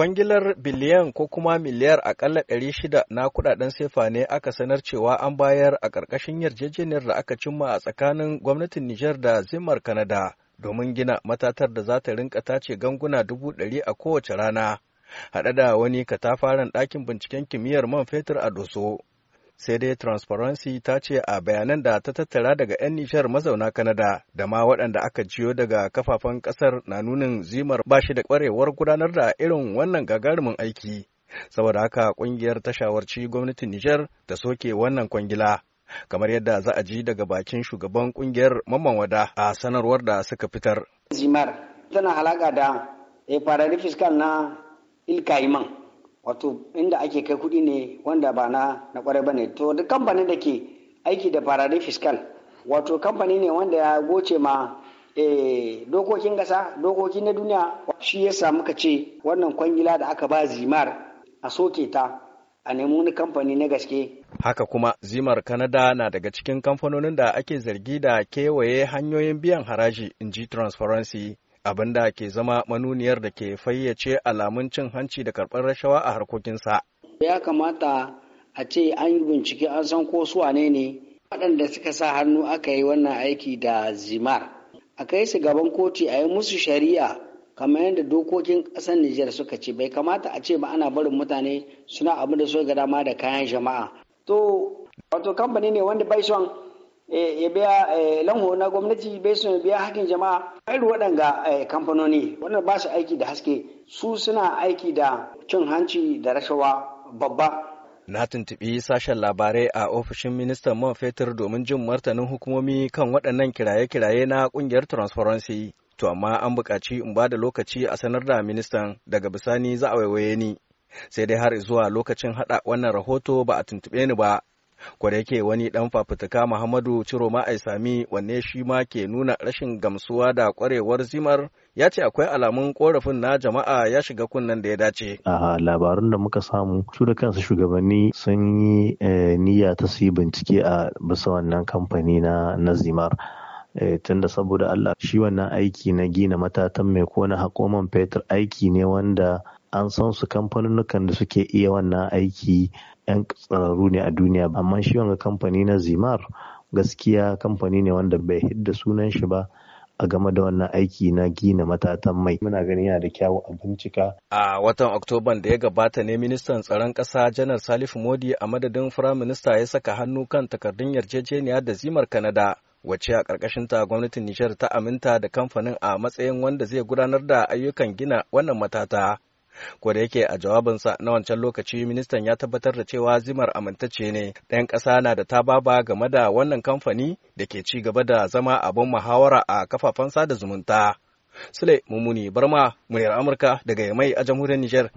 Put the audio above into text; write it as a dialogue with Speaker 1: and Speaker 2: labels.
Speaker 1: Kwangilar biliyan ko kuma miliyar akalla ɗari shida na kudaden sefa ne aka sanar cewa an bayar a ƙarƙashin yarjejeniyar da aka cimma a tsakanin gwamnatin Nijar da zimmar Kanada domin gina matatar da za ta rinka tace ganguna dubu ɗari a kowace rana. Haɗe da wani katafaren ɗakin binciken kimiyyar man fetur a Doso. sai dai transparency ta ce a bayanan da ta tattara daga 'yan nishar mazauna kanada da ma waɗanda aka jiyo daga kafafen ƙasar na nunin zimar ba shi da kwarewar gudanar da irin wannan gagarumin aiki saboda haka ƙungiyar ta shawarci gwamnatin nijar ta soke wannan kwangila kamar yadda za a ji daga bakin shugaban ƙungiyar mamman wada a sanarwar da suka fitar
Speaker 2: zimar tana alaƙa da eh, farari fiskal na ilkaiman wato inda ake kai kuɗi ne wanda ba na na ƙwarai ba ne to duk kamfanin da ke aiki da farare fiskal wato kamfani ne wanda ya goce ma eh, dokokin ƙasa dokoki na duniya shi ya samu ka ce wannan kwangila da aka ba zimar a soke ta a nemi wani kamfani na gaske
Speaker 1: haka kuma zimar kanada na daga cikin kamfanonin da ake zargi da kewaye hanyoyin biyan haraji in ji transparency abin da ke zama manuniyar da ke fayyace alamun cin hanci da karɓar rashawa a harkokinsa.
Speaker 2: Ya kamata a ce an yi bincike an san ko su ne ne waɗanda suka sa hannu aka yi wannan aiki da zimar. A kai su gaban koti a yi musu shari'a kamar yadda dokokin ƙasar Nijar suka ce bai kamata a ce ba ana barin mutane suna abin da so ga dama da kayan jama'a. To wato kamfani ne wanda bai son Eh, ya biya eh, lanho na gwamnati bai su biya hakin jama'a irin waɗanga eh, kamfanoni waɗanda ba su aiki da haske su suna aiki da cin hanci da rashawa babba
Speaker 1: na tuntuɓi sashen labarai a ofishin ministan man fetur domin jin martanin hukumomi kan waɗannan kiraye-kiraye na ƙungiyar transparency to amma an buƙaci in ba da lokaci a sanar da ministan daga bisani za a waiwaye ni sai dai har zuwa lokacin haɗa wannan rahoto ba a tuntuɓe ni ba Kwada yake wani ɗan fafutuka Muhammadu Ciroma Aisami wanne shi ma ke nuna rashin gamsuwa da kwarewar zimar ya ce akwai alamun korafin na jama'a ya shiga kunnen da ya
Speaker 3: dace. A labarun da muka samu su da kansu shugabanni sun yi eh, niyya ta su yi bincike a bisa wannan kamfani na na zimar. Eh, tunda saboda Allah shi wannan aiki na gina matatan mai kona hakoman fetur aiki ne wanda an san su kamfanunnukan da suke iya wannan aiki 'yan tsararru ne a duniya amma shi wanga kamfani na zimar gaskiya kamfani ne wanda bai hidda sunan shi ba a game da wannan aiki na gina matatan mai muna ganin yana da kyawu a bincika
Speaker 1: a watan oktoban da ya gabata ne ministan tsaron Kasa janar Salif modi a madadin firaminista ya saka hannu kan takardun yarjejeniya da zimar kanada wacce a ta gwamnatin Nijar ta aminta da kamfanin a matsayin wanda zai gudanar da ayyukan gina wannan matata ko da yake a jawabinsa na wancan lokaci ministan ya tabbatar da cewa zimar amintacce ne ɗan ƙasa na da tababa game da wannan kamfani da ke ci gaba da zama abin muhawara a kafafen sada zumunta sule mummuni barma muryar amurka daga yamai a jamhuriyar niger